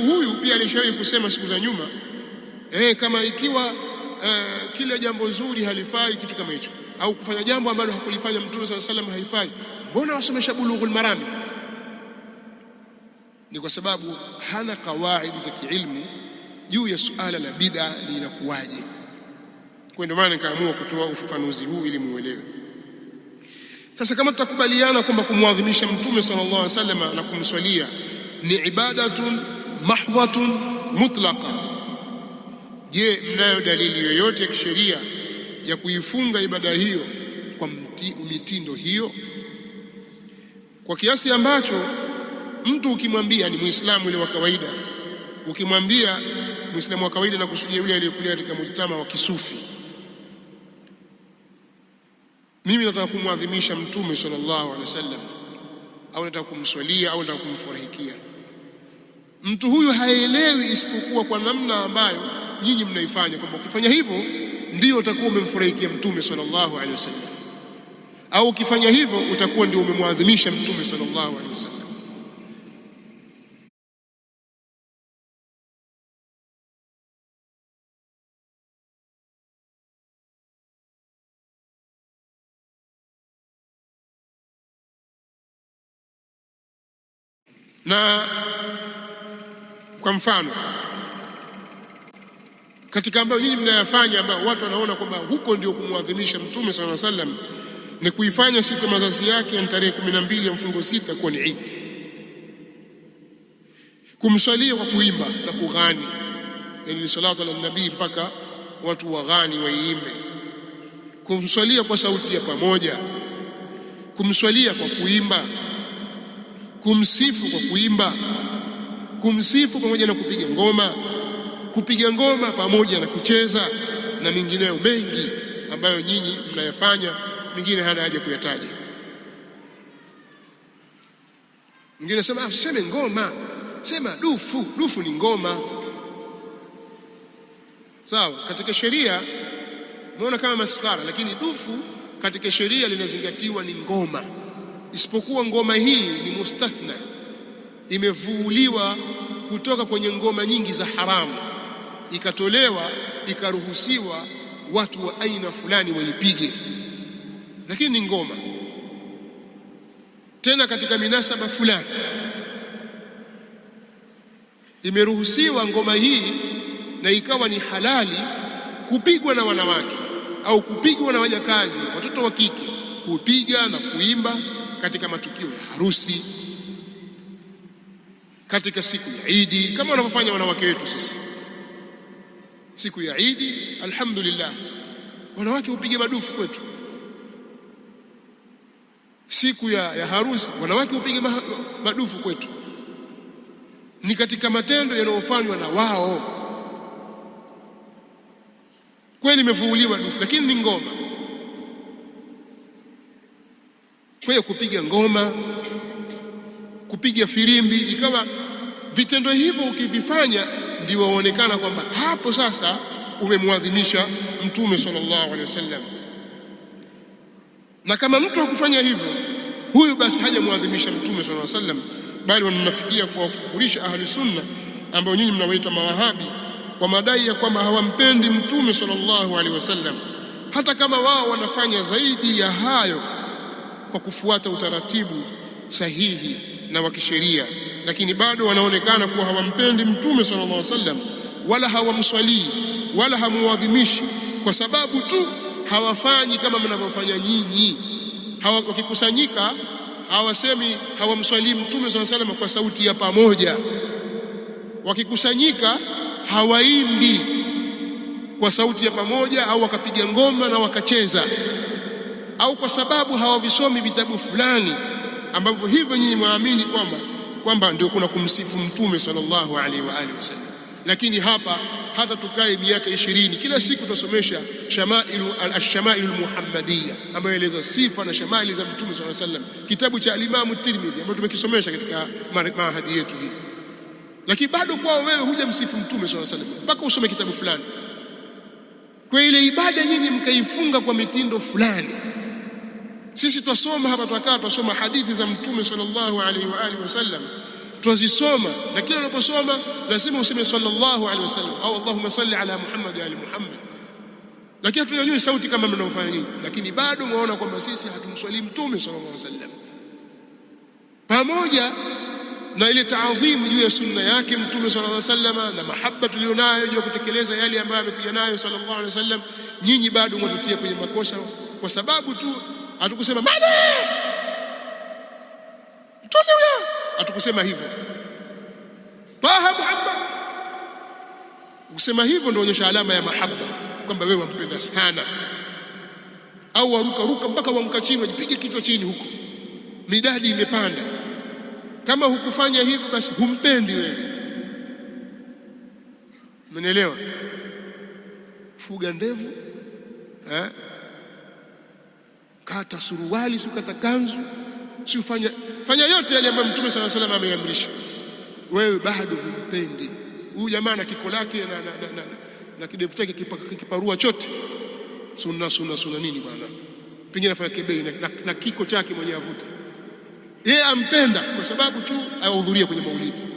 mtukufu huyu pia alishawahi kusema siku za nyuma eh, kama ikiwa uh, kila jambo zuri halifai kitu kama hicho, au kufanya jambo ambalo hakulifanya Mtume sala salam haifai, mbona wasomesha Bulughul Marami? Ni kwa sababu hana kawaidi za kiilmu juu ya suala la bid'a linakuwaje. Kwa ndio maana nikaamua kutoa ufafanuzi huu ili muelewe. Sasa kama tutakubaliana kwamba kumwadhimisha Mtume sallallahu alaihi wasallam na kumswalia ni ibadatun mahdhatun mutlaqa. Je, mnayo dalili yoyote ya kisheria ya kuifunga ibada hiyo kwa mitindo hiyo, kwa kiasi ambacho mtu ukimwambia, ni muislamu yule wa kawaida, ukimwambia muislamu wa kawaida, na kusudia yule aliyekulia katika mujtama wa kisufi, mimi nataka kumwadhimisha Mtume sallallahu alaihi wasallam, au nataka kumswalia au nataka kumfurahikia Mtu huyu haelewi isipokuwa kwa namna ambayo nyinyi mnaifanya, kwamba ukifanya hivyo ndio utakuwa umemfurahikia Mtume sallallahu alaihi wasallam, au ukifanya hivyo utakuwa ndio umemwadhimisha Mtume sallallahu alaihi wasallam. na kwa mfano katika ambayo hii mnayafanya, ambayo watu wanaona kwamba huko ndio kumwadhimisha Mtume sala sallam, ni kuifanya siku ya mazazi yake ya tarehe kumi na mbili ya mfungo sita kuwa ni Idi, kumswalia kwa kuimba na kughani, yani salatu ala nabii, mpaka watu waghani waiimbe, kumswalia kwa sauti ya pamoja, kumswalia kwa kuimba, kumsifu kwa kuimba kumsifu pamoja na kupiga ngoma, kupiga ngoma pamoja na kucheza na mengineyo mengi ambayo nyinyi mnayafanya, mingine hana haja kuyataja. Mwingine sema ah, seme ngoma, sema dufu. Dufu ni ngoma, sawa? Katika sheria umeona kama maskara, lakini dufu katika sheria linazingatiwa ni ngoma, isipokuwa ngoma hii ni mustathna imevuuliwa kutoka kwenye ngoma nyingi za haramu, ikatolewa ikaruhusiwa watu wa aina fulani waipige, lakini ni ngoma tena katika minasaba fulani imeruhusiwa ngoma hii na ikawa ni halali kupigwa na wanawake au kupigwa na wajakazi, watoto wa kike, kupiga na kuimba katika matukio ya harusi katika siku ya Idi kama wanavyofanya wanawake wetu sisi. Siku ya Idi, alhamdulillah, wanawake hupiga madufu kwetu. Siku ya, ya harusi, wanawake hupiga madufu kwetu. Ni katika matendo yanayofanywa na wao. Kweli imefuuliwa dufu, lakini ni ngoma. Kwa hiyo kupiga ngoma kupiga firimbi, ikawa vitendo hivyo ukivifanya ndio waonekana kwamba hapo sasa umemwadhimisha Mtume sallallahu alaihi wasallam. Na kama mtu hakufanya hivyo, huyu basi hajamwadhimisha Mtume sallallahu alaihi wasallam, bali wanamnafikia kwa kufurisha ahli sunna ambao nyinyi mnawaita mawahabi kwa madai ya kwamba hawampendi Mtume sallallahu alaihi wasallam, hata kama wao wanafanya zaidi ya hayo kwa kufuata utaratibu sahihi na wa kisheria, lakini bado wanaonekana kuwa hawampendi Mtume sallallahu alaihi wasallam wala hawamswalii wala hamuadhimishi, kwa sababu tu hawafanyi kama mnavyofanya nyinyi. Wakikusanyika hawasemi, hawamswalii Mtume sallallahu alaihi wasallam kwa sauti ya pamoja. Wakikusanyika hawaimbi kwa sauti ya pamoja au wakapiga ngoma na wakacheza, au kwa sababu hawavisomi vitabu fulani ambavyo hivyo nyinyi mwaamini kwamba kwamba ndio kuna kumsifu mtume sallallahu alaihi wa alihi wasallam. Lakini hapa hata tukae miaka ishirini, kila siku tutasomesha shamailu alshamailu almuhammadiya ambayo eleza sifa na shamaili za mtume sallallahu alaihi wasallam, kitabu cha alimamu Tirmidhi ambayo tumekisomesha katika mahadi yetu hii. Lakini bado kwao wewe huja msifu mtume sallallahu alaihi wasallam mpaka usome kitabu fulani, kwa ile ibada nyinyi mkaifunga kwa mitindo fulani sisi twasoma hapa, twakaa twasoma hadithi za Mtume sallallahu alaihi wa alihi wasallam, twazisoma na kila unaposoma lazima useme sallallahu alaihi wasallam au allahumma salli ala Muhammad wa ali Muhammad. Lakini hatujui sauti kama mnaofanya nyinyi, lakini bado mwaona kwamba sisi hatumswalii Mtume sallallahu alaihi wasallam, pamoja na ile taadhimu juu ya sunna yake Mtume sallallahu alaihi wasallam na mahaba tuliyonayo juu ya kutekeleza yale ambayo amekuja nayo sallallahu alaihi wasallam. Nyinyi bado mwatutia kwenye makosa kwa sababu tu Hatukusema mali mtume huyo, hatukusema hivyo. Taha Muhammad kusema hivyo ndio onyesha alama ya mahaba kwamba wewe wampenda sana, au waruka ruka mpaka wamka chini, wajipige kichwa chini huko, midadi imepanda. Kama hukufanya hivyo, basi humpendi wewe. Umenielewa? Fuga ndevu eh? kata suruali, si kata kanzu, si ufanya fanya yote yale ambayo Mtume sala salama ameamrisha, wewe bado humpendi huyu jamaa na kiko lake na, na, na, na, na kidevu chake kikiparua chote. Sunna sunna sunna nini bwana, pengine afanya kebei na, na, na kiko chake mwenye avuta yeye, ampenda kwa sababu tu ahudhuria kwenye maulidi.